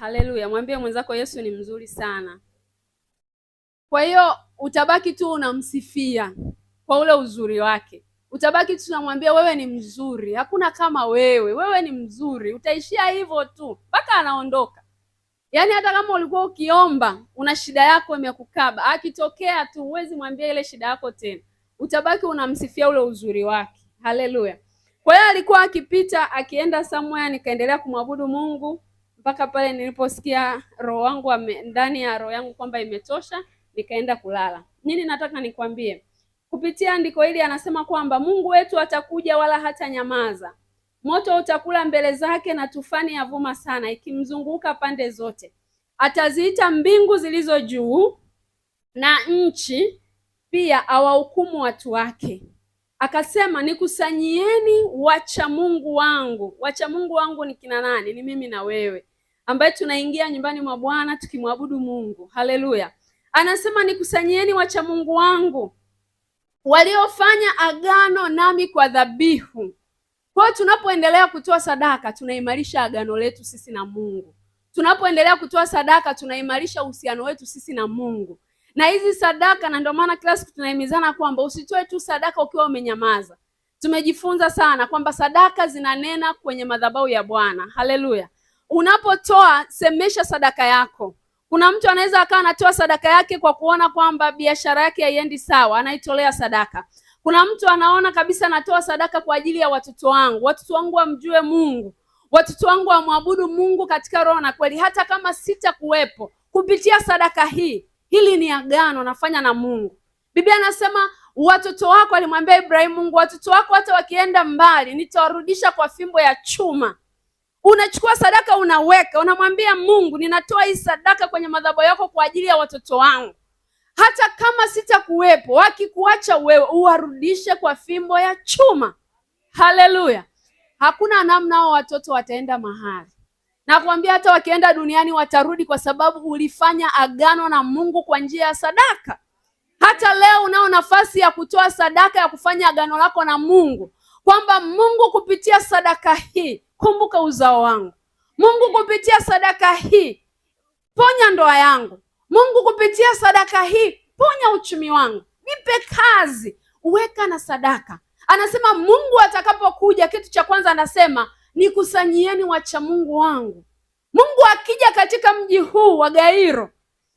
Haleluya, mwambie mwenzako Yesu ni mzuri sana. Kwa hiyo utabaki tu unamsifia kwa ule uzuri wake, utabaki tu unamwambia wewe ni mzuri, hakuna kama wewe, wewe ni mzuri. Utaishia hivyo tu mpaka anaondoka. Yaani hata kama ulikuwa ukiomba una shida yako imekukaba, akitokea tu huwezi mwambia ile shida yako tena, utabaki unamsifia ule uzuri wake. Haleluya. Kwa hiyo alikuwa akipita akienda somewhere, nikaendelea kumwabudu Mungu mpaka pale niliposikia roho wangu ndani ya roho yangu kwamba imetosha, nikaenda kulala. Nini nataka nikwambie kupitia andiko hili? Anasema kwamba Mungu wetu atakuja wala hata nyamaza, moto utakula mbele zake na tufani ya vuma sana ikimzunguka pande zote. Ataziita mbingu zilizo juu na nchi pia awahukumu watu wake. Akasema, nikusanyieni wacha Mungu wangu. Wacha Mungu wangu ni kina nani? Ni mimi na wewe ambaye tunaingia nyumbani mwa Bwana tukimwabudu Mungu. Haleluya! Anasema, nikusanyieni wacha Mungu wangu waliofanya agano nami kwa dhabihu. Kwa hiyo tunapoendelea kutoa sadaka tunaimarisha agano letu sisi na Mungu. Tunapoendelea kutoa sadaka tunaimarisha uhusiano wetu sisi na Mungu na hizi sadaka, na ndio maana kila siku tunahimizana kwamba usitoe tu sadaka ukiwa umenyamaza. Tumejifunza sana kwamba sadaka zinanena kwenye madhabahu ya Bwana. Haleluya! unapotoa semesha sadaka yako. Kuna mtu anaweza akawa anatoa sadaka yake kwa kuona kwamba biashara yake haiendi sawa, anaitolea sadaka. Kuna mtu anaona kabisa anatoa sadaka kwa ajili ya watoto wangu, watoto wangu wamjue Mungu, watoto wangu wamwabudu Mungu katika roho na kweli, hata kama sitakuwepo kupitia sadaka hii. Hili ni agano nafanya na Mungu. Biblia anasema watoto wako, alimwambia Ibrahimu Mungu, watoto wako hata wakienda mbali nitawarudisha kwa fimbo ya chuma. Unachukua sadaka unaweka, unamwambia Mungu, ninatoa hii sadaka kwenye madhabahu yako kwa ajili ya watoto wangu. Hata kama sitakuwepo, wakikuacha wewe uwarudishe kwa fimbo ya chuma. Haleluya! Hakuna namna hao watoto wataenda mahali. Nakwambia hata wakienda duniani watarudi, kwa sababu ulifanya agano na Mungu kwa njia ya sadaka. Hata leo unao nafasi ya kutoa sadaka ya kufanya agano lako na Mungu kwamba Mungu kupitia sadaka hii, kumbuka uzao wangu. Mungu kupitia sadaka hii, ponya ndoa yangu. Mungu kupitia sadaka hii, ponya uchumi wangu, nipe kazi. Uweka na sadaka. Anasema Mungu atakapokuja, kitu cha kwanza anasema nikusanyieni wacha Mungu wangu. Mungu akija katika mji huu wa Gairo,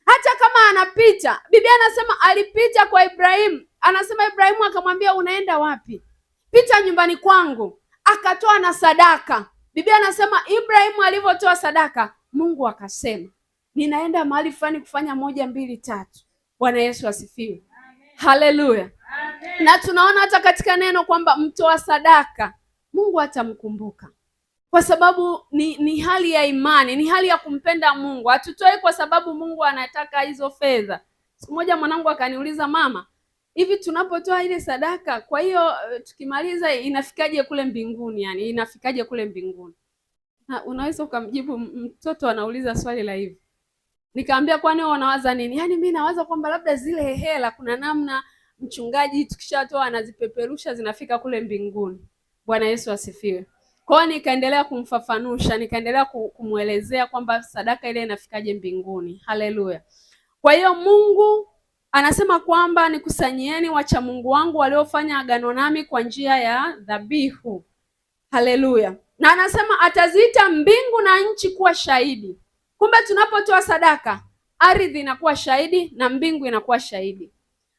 hata kama anapita, Biblia anasema alipita kwa Ibrahimu, anasema Ibrahimu akamwambia unaenda wapi? pita nyumbani kwangu akatoa na sadaka. Biblia anasema Ibrahimu alivyotoa sadaka, Mungu akasema ninaenda mahali fulani kufanya moja mbili tatu. Bwana Yesu asifiwe, haleluya. Na tunaona hata katika neno kwamba mtoa sadaka Mungu atamkumbuka kwa sababu ni, ni hali ya imani, ni hali ya kumpenda Mungu. Hatutoi kwa sababu Mungu anataka hizo fedha. Siku moja mwanangu akaniuliza, mama, hivi tunapotoa ile sadaka. Kwa hiyo eh, tukimaliza, inafikaje kule mbinguni? Yani inafikaje kule mbinguni? Na unaweza ukamjibu mtoto anauliza swali la hivi. Nikamwambia, kwani wewe unawaza nini? Yani mimi nawaza kwamba labda zile hela kuna namna mchungaji tukishatoa anazipeperusha zinafika kule mbinguni. Bwana Yesu asifiwe. Kwa hiyo nikaendelea kumfafanusha, nikaendelea kumwelezea kwamba sadaka ile inafikaje mbinguni. Haleluya! Kwa hiyo Mungu anasema kwamba nikusanyieni wacha Mungu wangu waliofanya agano nami kwa njia ya dhabihu. Haleluya! Na anasema ataziita mbingu na nchi kuwa shahidi. Kumbe tunapotoa sadaka, ardhi inakuwa shahidi na mbingu inakuwa shahidi.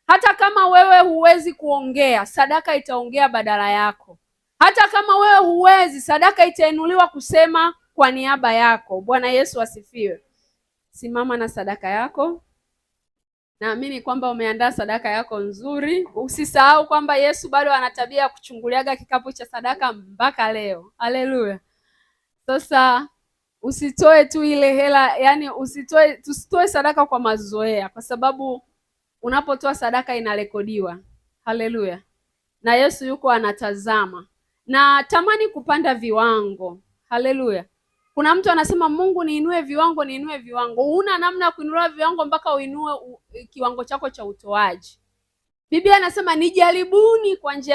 Hata kama wewe huwezi kuongea, sadaka itaongea badala yako. Hata kama wewe huwezi, sadaka itainuliwa kusema kwa niaba yako. Bwana Yesu asifiwe. Simama na sadaka yako. Naamini kwamba umeandaa sadaka yako nzuri. Usisahau kwamba Yesu bado ana tabia ya kuchunguliaga kikapu cha sadaka mpaka leo. Haleluya! Sasa usitoe tu ile hela, yani usitoe, tusitoe sadaka kwa mazoea, kwa sababu unapotoa sadaka inarekodiwa. Haleluya! na Yesu yuko anatazama. Na tamani kupanda viwango. Haleluya! Kuna mtu anasema Mungu niinue viwango, niinue viwango. Huna namna ya kuinua viwango mpaka uinue kiwango chako cha utoaji. Biblia anasema nijaribuni kwa njia